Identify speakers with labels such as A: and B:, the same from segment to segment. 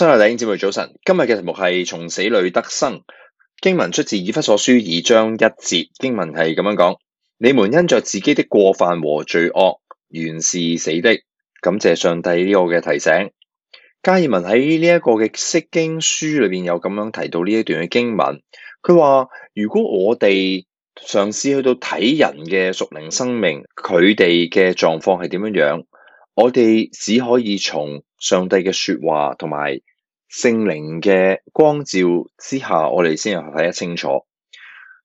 A: 親愛的弟兄姊妹，早晨！今日嘅題目係從死裏得生。經文出自以弗所書二章一節，經文係咁樣講：你們因着自己的過犯和罪惡，原是死的。感謝上帝呢個嘅提醒。加爾文喺呢一個嘅釋經書裏邊有咁樣提到呢一段嘅經文，佢話如果我哋嘗試去到睇人嘅屬靈生命，佢哋嘅狀況係點樣樣，我哋只可以從上帝嘅說話同埋。聖靈嘅光照之下，我哋先係睇得清楚。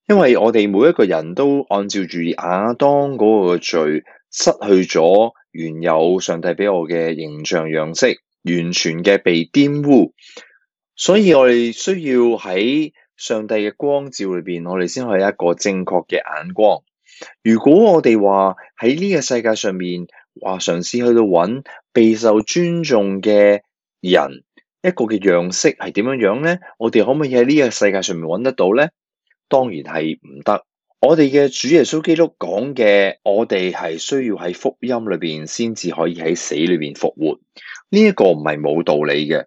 A: 因為我哋每一個人都按照住亞當嗰個罪，失去咗原有上帝俾我嘅形象樣式，完全嘅被玷污。所以我哋需要喺上帝嘅光照裏邊，我哋先可以一個正確嘅眼光。如果我哋話喺呢個世界上面，話嘗試去到揾備受尊重嘅人。一個嘅樣式係點樣樣咧？我哋可唔可以喺呢個世界上面揾得到咧？當然係唔得。我哋嘅主耶穌基督講嘅，我哋係需要喺福音裏邊先至可以喺死裏邊復活。呢一個唔係冇道理嘅。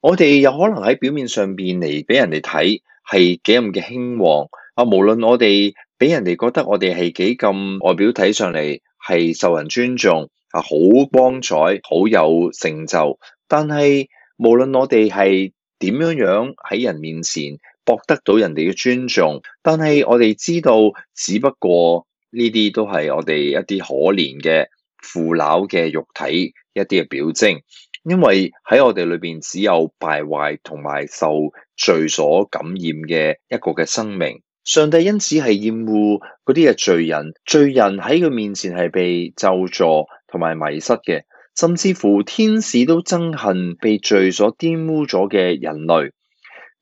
A: 我哋有可能喺表面上邊嚟，俾人哋睇係幾咁嘅興旺啊！無論我哋俾人哋覺得我哋係幾咁外表睇上嚟，係受人尊重啊，好光彩、好有成就，但係。無論我哋係點樣樣喺人面前博得到人哋嘅尊重，但係我哋知道，只不過呢啲都係我哋一啲可憐嘅腐朽嘅肉體一啲嘅表徵，因為喺我哋裏邊只有敗壞同埋受罪所感染嘅一個嘅生命。上帝因此係厭惡嗰啲嘅罪人，罪人喺佢面前係被咒詛同埋迷失嘅。甚至乎天使都憎恨被罪所玷污咗嘅人類。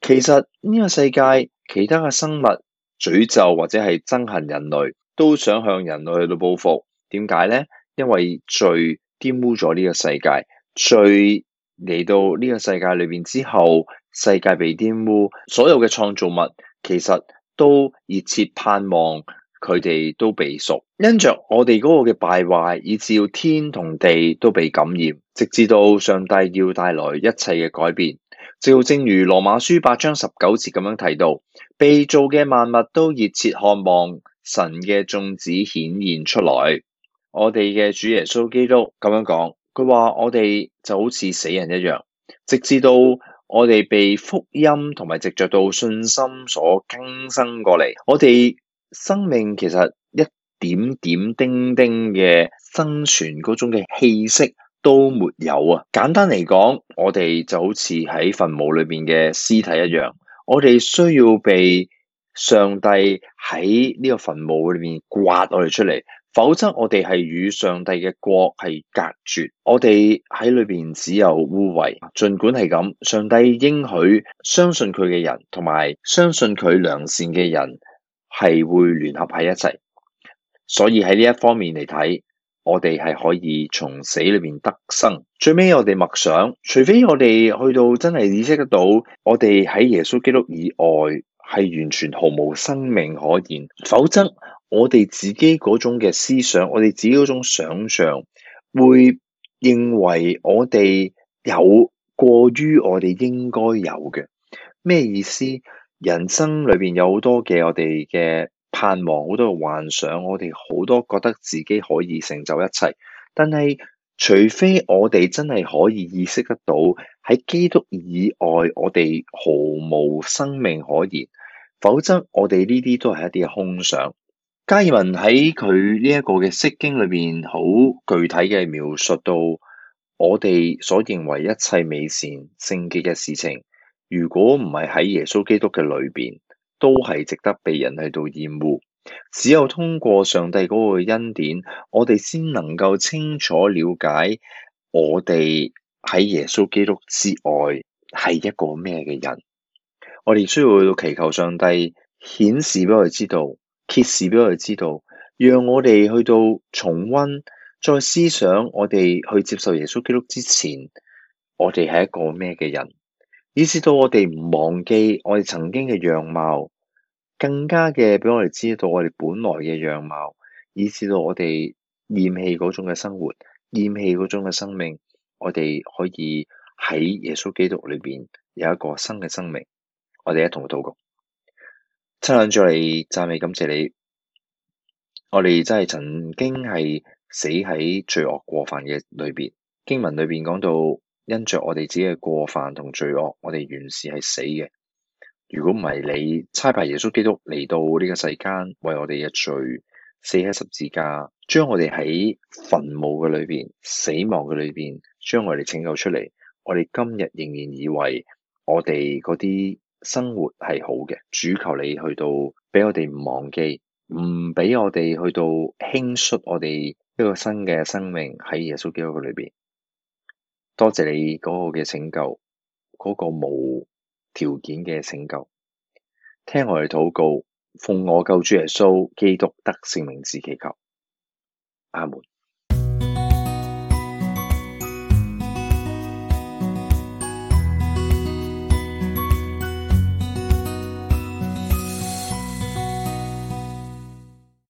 A: 其實呢個世界其他嘅生物詛咒或者係憎恨人類，都想向人類去到報復。點解呢？因為罪玷污咗呢個世界，罪嚟到呢個世界裏邊之後，世界被玷污，所有嘅創造物其實都熱切盼望。佢哋都被屬，因着我哋嗰個嘅敗壞，以至要天同地都被感染，直至到上帝要帶來一切嘅改變。就正如羅馬書八章十九節咁樣提到，被造嘅萬物都熱切渴望神嘅眾子顯現出來。我哋嘅主耶穌基督咁樣講，佢話我哋就好似死人一樣，直至到我哋被福音同埋藉着到信心所更新過嚟，我哋，生命其實一點點丁丁嘅生存嗰種嘅氣息都沒有啊。簡單嚟講，我哋就好似喺墳墓裏面嘅屍體一樣，我哋需要被上帝喺呢個墳墓裏面颳我哋出嚟，否則我哋係與上帝嘅國係隔絕。我哋喺裏邊只有污穢。儘管係咁，上帝應許相信佢嘅人，同埋相信佢良善嘅人，係會聯合喺一齊，所以喺呢一方面嚟睇，我哋係可以從死裏面得生。最尾我哋默想，除非我哋去到真係意識得到，我哋喺耶穌基督以外係完全毫無生命可言，否則我哋自己嗰種嘅思想，我哋自己嗰種想象，會認為我哋有過於我哋應該有嘅，咩意思？人生裏邊有好多嘅我哋嘅盼望，好多嘅幻想，我哋好多覺得自己可以成就一切。但係，除非我哋真係可以意識得到喺基督以外，我哋毫無生命可言，否則我哋呢啲都係一啲空想。加爾文喺佢呢一個嘅釋經裏邊，好具體嘅描述到我哋所認為一切美善、聖潔嘅事情。如果唔係喺耶穌基督嘅裏邊，都係值得被人去到厭惡。只有通過上帝嗰個恩典，我哋先能夠清楚了解我哋喺耶穌基督之外係一個咩嘅人。我哋需要去到祈求上帝顯示俾我哋知道，揭示俾我哋知道，讓我哋去到重溫再思想我哋去接受耶穌基督之前，我哋係一個咩嘅人。以致到我哋唔忘記我哋曾經嘅樣貌，更加嘅俾我哋知道我哋本來嘅樣貌，以致到我哋厭棄嗰種嘅生活，厭棄嗰種嘅生命，我哋可以喺耶穌基督裏邊有一個新嘅生命。我哋一同禱告，親仰住你，讚美感謝你，我哋真係曾經係死喺罪惡過犯嘅裏邊，經文裏邊講到。因着我哋自己嘅過犯同罪惡，我哋原是係死嘅。如果唔係你差派耶穌基督嚟到呢個世間，為我哋嘅罪死喺十字架，將我哋喺墳墓嘅裏邊、死亡嘅裏邊，將我哋拯救出嚟。我哋今日仍然以為我哋嗰啲生活係好嘅。主求你去到，俾我哋唔忘記，唔俾我哋去到輕率我哋一個新嘅生命喺耶穌基督嘅裏邊。多謝你嗰個嘅拯救，嗰、嗰個無條件嘅拯救。聽我哋禱告，奉我救主耶穌基督得聖名字祈求，阿門。